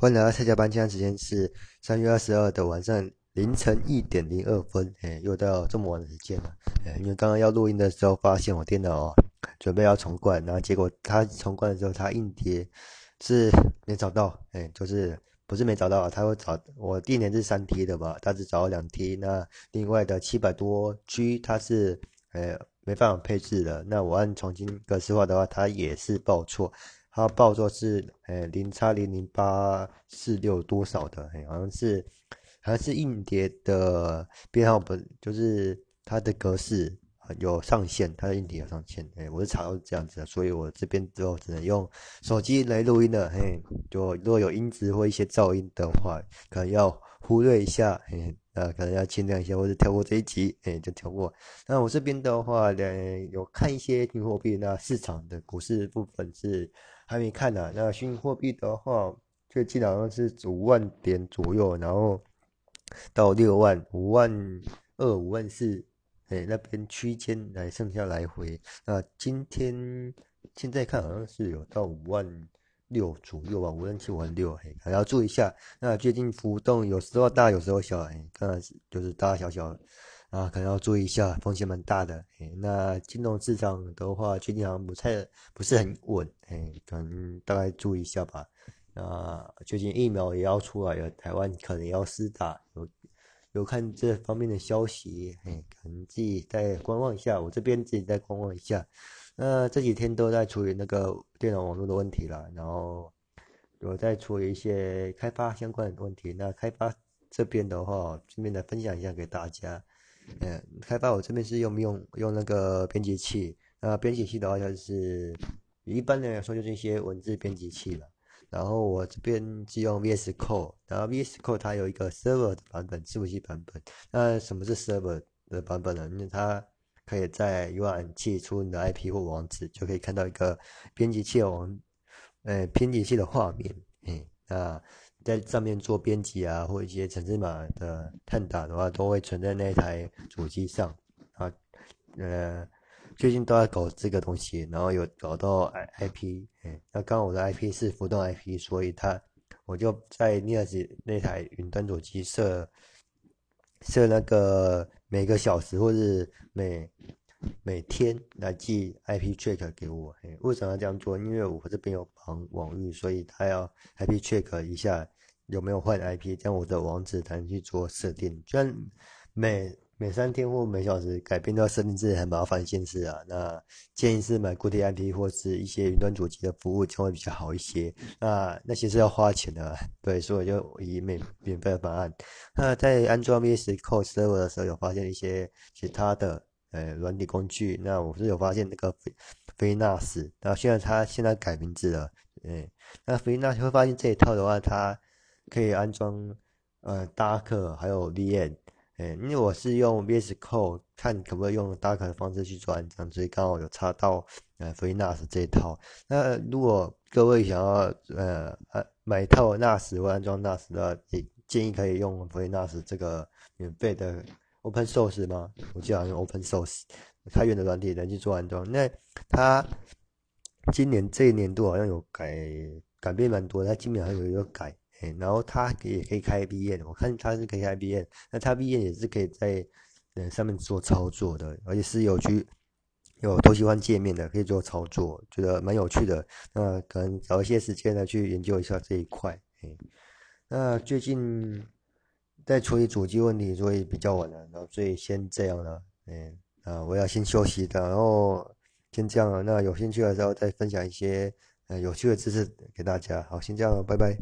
歡迎來到蔡家班。現在時間是三月二十二的晚上凌晨一點零二分。哎，又到這麼晚的時間了。哎、因為剛剛要錄音的時候，發現我電腦、哦、準備要重灌，然後結果它重灌的時候它硬碟，是沒找到。哎，就是不是沒找到，它會找。我第一年是三 T 的吧，它只找了兩 T，那另外的七百多 G 它是、哎、沒辦法配置的。那我按重新格式化的話，它也是報錯。它報錯是，誒、欸，零叉零零八四六多少的，嘿、欸，好像是，好像是硬碟的編號本，就是它的格式有上限，它的硬碟有上限，嘿、欸，我是查到這樣子的，所以我這邊之後只能用手機來錄音了，嘿、欸，就如果有音質或一些噪音的話，可能要。忽略一下，哎、欸，啊，可能要輕量一些，或者跳過這一集，哎、欸，就跳過。那我這邊的話，呢，有看一些新貨幣，那市場的股市部分是還沒看呢、啊。那虛擬貨幣的話，最近好像是五萬點左右，然後到六萬、五萬二、五萬四，哎，那邊區間來剩下來回。那今天現在看好像是有到五萬。六左右吧，無人機五十六，可能要注意一下。那最近浮動有時候大，有時候小，哎，當然是，就是大大小小，啊，可能要注意一下，風險蠻大的。哎，那金融市場的話，最近好像不太不是很穩，哎，可能、嗯、大概注意一下吧。啊，最近疫苗也要出來了，台灣可能也要施打。有有看這方面的消息，哎，可能自己再觀望一下。我這邊自己再觀望一下。那這幾天都在處理那個電腦網絡的問題了，然後我在處理一些開發相關的問題。那開發這邊的話，順便來分享一下給大家。嗯，開發我這邊是用不用用那個編輯器？那編輯器的話，就是一般來說就是一些文字編輯器了。然後我這邊就用 VS Code，然後 VS Code 它有一個 Server 的版本，伺服器版本。那什麼是 Server 的版本呢？因為它可以在瀏覽器出你的 IP 或網址，就可以看到一個編輯器的網，呃，編輯器的畫面，嗯。那在上面做編輯啊，或一些程式碼的探打的話，都會存在那台主機上。啊，呃。最近都在搞這個東西，然後有搞到 I I P，哎，那剛剛我的 I P 是浮動 I P，所以他我就在尼爾斯那台雲端主機設設那個每個小時或是每每天來寄 I P c h e c k 給我，哎，為什麼要這樣做？因為我這邊有綁網域，所以他要 I P c h e c k 一下有沒有換 I P，這樣我的網址才能去做設定。居然每每三天或每小時改變到設定制很麻煩一件事啊，那建議是買固定 IP 或是一些雲端主機的服務就會比較好一些。那那些是要花錢的，對，所以就以免免費的方案。那在安裝 VSCODE Server 的時候有發現一些其他的呃、欸、軟體工具，那我是有發現那個飛飛納斯，然後現在它現在改名字了，嗯、欸，那飛納斯會發現這一套的話，它可以安裝呃 Docker 還有 VM 哎，因為我是用 VS Code 看可不可以用 Docker 的方式去做安裝，所以剛好有插到呃，Free NAS 這一套。那如果各位想要呃買一套 NAS 或安裝 NAS 的，也建議可以用 Free NAS 這個免費的 Open Source 嗎？我記得好像 Open Source 開源的軟體來去做安裝。那它今年這一年度好像有改改變蠻多，它今年好像有一個改。哎，然後他也可以開 VM 的，我看他是可以開 VM，那他 VM 也是可以在呃上面做操作的，而且是有去有圖形化界面的，可以做操作，覺得蠻有趣的。那可能找一些時間來去研究一下這一塊。哎，那最近在處理主機問題，所以比較晚了，然後所以先這樣了。嗯，啊，我要先休息的，然後先這樣了。那有興趣的時候再分享一些呃有趣的知識給大家。好，先這樣了，拜拜。